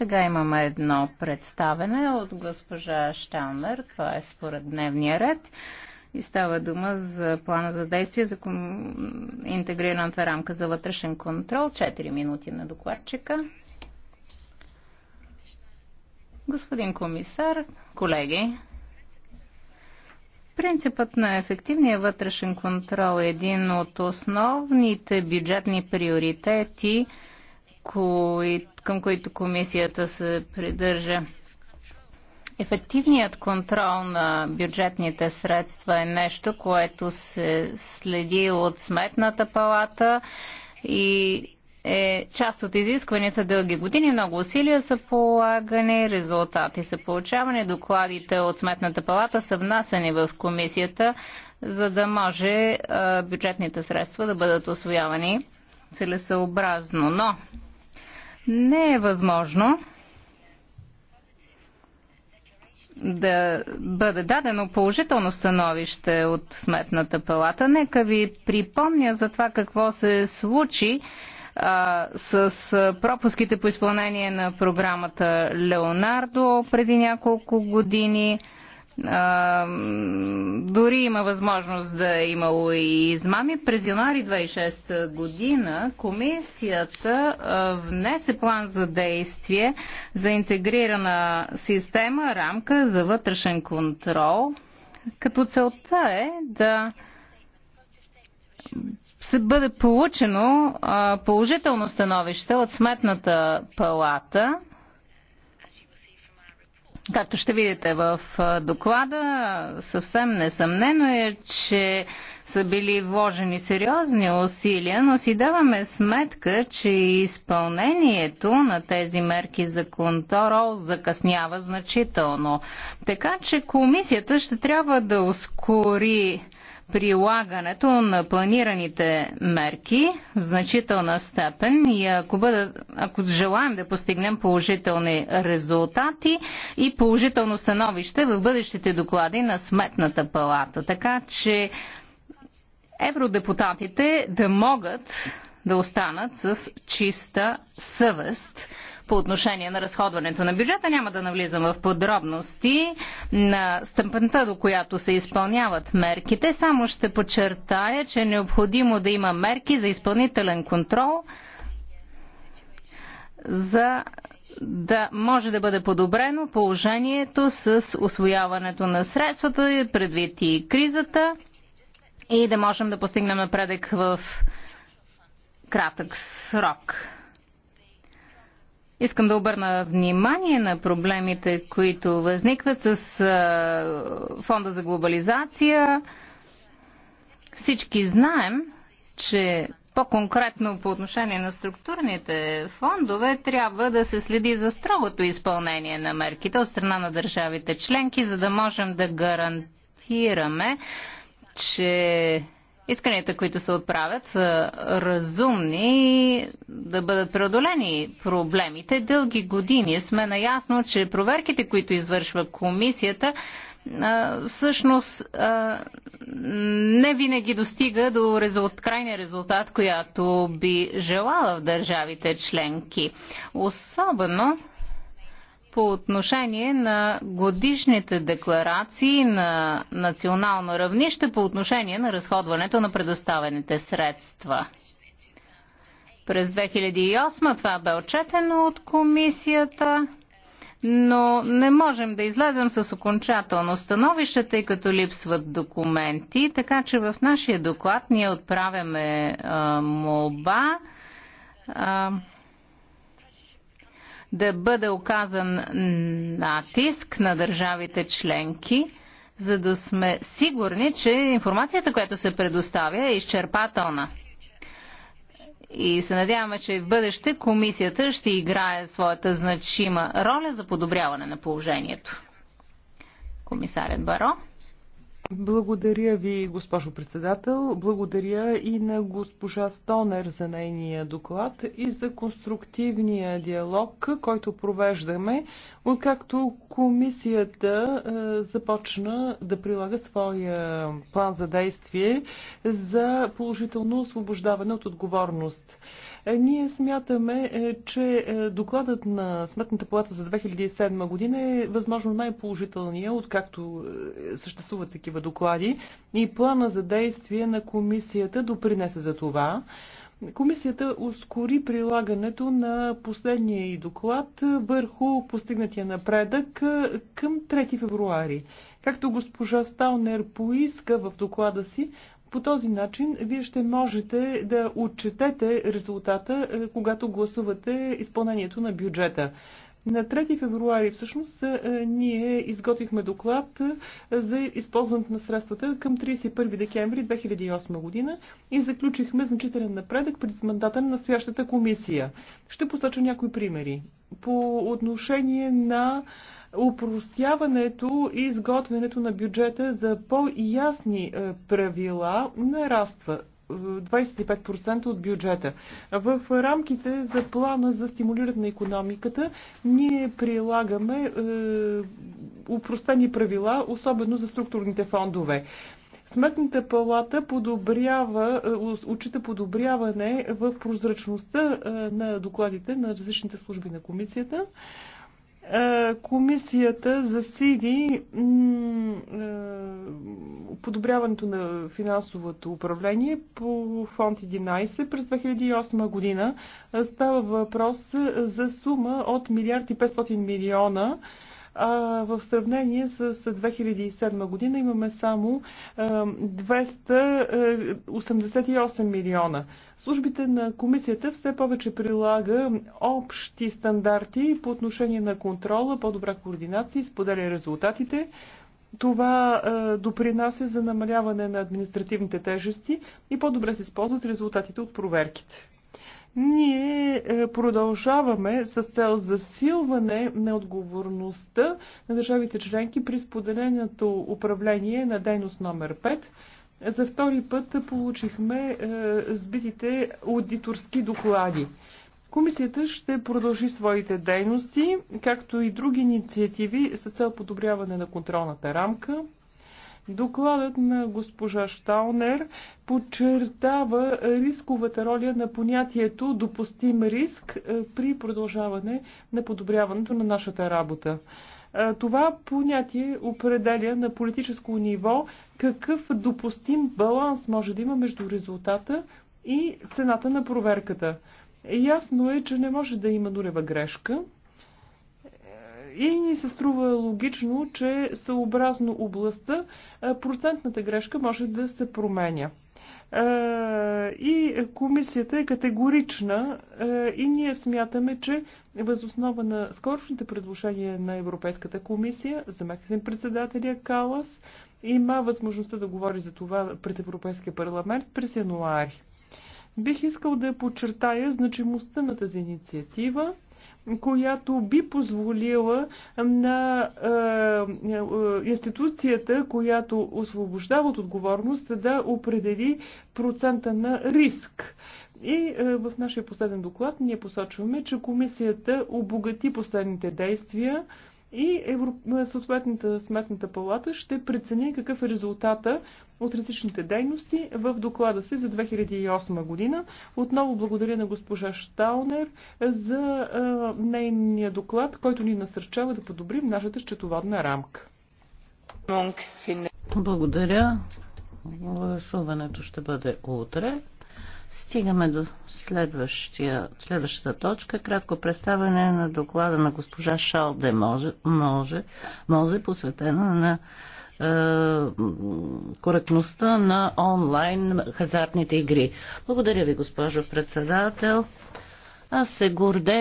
Сега имаме едно представене от госпожа Штаунер. Това е според дневния ред. И става дума за плана за действие за интегрираната рамка за вътрешен контрол. 4 минути на докладчика. Господин комисар, колеги, Принципът на ефективния вътрешен контрол е един от основните бюджетни приоритети кои, към които комисията се придържа. Ефективният контрол на бюджетните средства е нещо, което се следи от Сметната палата и е част от изискванията дълги години. Много усилия са полагани, резултати са получавани, докладите от Сметната палата са внасени в комисията, за да може бюджетните средства да бъдат освоявани целесъобразно. Но не е възможно да бъде дадено положително становище от Сметната палата. Нека ви припомня за това какво се случи а, с пропуските по изпълнение на програмата Леонардо преди няколко години. А, дори има възможност да е имало и измами. През януари 2006 година комисията а, внесе план за действие за интегрирана система, рамка за вътрешен контрол, като целта е да се бъде получено а, положително становище от Сметната палата – Както ще видите в доклада, съвсем несъмнено е, че са били вложени сериозни усилия, но си даваме сметка, че изпълнението на тези мерки за контрол закъснява значително. Така че комисията ще трябва да ускори прилагането на планираните мерки в значителна степен и ако, бъде, ако желаем да постигнем положителни резултати и положително становище в бъдещите доклади на Сметната палата. Така че евродепутатите да могат да останат с чиста съвест по отношение на разходването на бюджета. Няма да навлизам в подробности на стъпента, до която се изпълняват мерките. Само ще подчертая, че е необходимо да има мерки за изпълнителен контрол за да може да бъде подобрено положението с освояването на средствата, предвид и кризата и да можем да постигнем напредък в кратък срок. Искам да обърна внимание на проблемите, които възникват с Фонда за глобализация. Всички знаем, че по-конкретно по отношение на структурните фондове трябва да се следи за строгото изпълнение на мерките от страна на държавите членки, за да можем да гарантираме, че исканията, които се отправят, са разумни да бъдат преодолени проблемите. Дълги години сме наясно, че проверките, които извършва комисията, всъщност не винаги достига до резулт, крайния резултат, която би желала в държавите членки. Особено по отношение на годишните декларации на национално равнище по отношение на разходването на предоставените средства. През 2008 това бе отчетено от комисията, но не можем да излезем с окончателно становище, тъй като липсват документи, така че в нашия доклад ние отправяме а, молба а, да бъде оказан натиск на държавите членки, за да сме сигурни, че информацията, която се предоставя, е изчерпателна. И се надяваме, че в бъдеще комисията ще играе своята значима роля за подобряване на положението. Комисарят Баро. Благодаря ви, госпожо председател. Благодаря и на госпожа Стонер за нейния доклад и за конструктивния диалог, който провеждаме, откакто комисията е, започна да прилага своя план за действие за положително освобождаване от отговорност. Е, ние смятаме, е, че докладът на Сметната плата за 2007 година е възможно най-положителният, откакто съществуват такива такива доклади и плана за действие на комисията допринесе за това. Комисията ускори прилагането на последния и доклад върху постигнатия напредък към 3 февруари. Както госпожа Сталнер поиска в доклада си, по този начин вие ще можете да отчетете резултата, когато гласувате изпълнението на бюджета. На 3 февруари всъщност е, ние изготвихме доклад е, за използването на средствата към 31 декември 2008 година и заключихме значителен напредък пред мандата на настоящата комисия. Ще посоча някои примери. По отношение на упростяването и изготвянето на бюджета за по-ясни е, правила нараства. 25% от бюджета. В рамките за плана за стимулиране на економиката ние прилагаме е, упростени правила, особено за структурните фондове. Сметната палата подобрява, е, учита подобряване в прозрачността е, на докладите на различните служби на комисията. Е, комисията засили е, подобряването на финансовото управление по фонд 11 през 2008 година. Е, става въпрос за сума от милиард и 500 милиона а в сравнение с 2007 година имаме само 288 милиона. Службите на комисията все повече прилага общи стандарти по отношение на контрола, по-добра координация, споделя резултатите. Това е, допринася за намаляване на административните тежести и по-добре се използват резултатите от проверките. Ние е, продължаваме с цел засилване на отговорността на държавите членки при споделеното управление на дейност номер 5. За втори път получихме е, сбитите аудиторски доклади. Комисията ще продължи своите дейности, както и други инициативи с цел подобряване на контролната рамка, Докладът на госпожа Шталнер подчертава рисковата роля на понятието допустим риск е, при продължаване на подобряването на нашата работа. Е, това понятие определя на политическо ниво какъв допустим баланс може да има между резултата и цената на проверката. Ясно е, че не може да има нулева грешка, и ни се струва логично, че съобразно областта процентната грешка може да се променя. И комисията е категорична и ние смятаме, че възоснова на скорочните предложения на Европейската комисия, заместник председателя Калас има възможността да говори за това пред Европейския парламент през януари. Бих искал да подчертая значимостта на тази инициатива която би позволила на е, е, институцията, която освобождава от отговорност, да определи процента на риск. И е, в нашия последен доклад ние посочваме, че комисията обогати последните действия, и Евро... съответната сметната палата ще прецени какъв е резултата от различните дейности в доклада си за 2008 година. Отново благодаря на госпожа Штаунер за а, нейния доклад, който ни насърчава да подобрим нашата счетоводна рамка. Благодаря. Гласуването ще бъде утре. Стигаме до следващата точка. Кратко представяне на доклада на госпожа Шал де Може, Може, Може посветена на е, коректността на онлайн хазартните игри. Благодаря ви, госпожо председател. Аз се гордея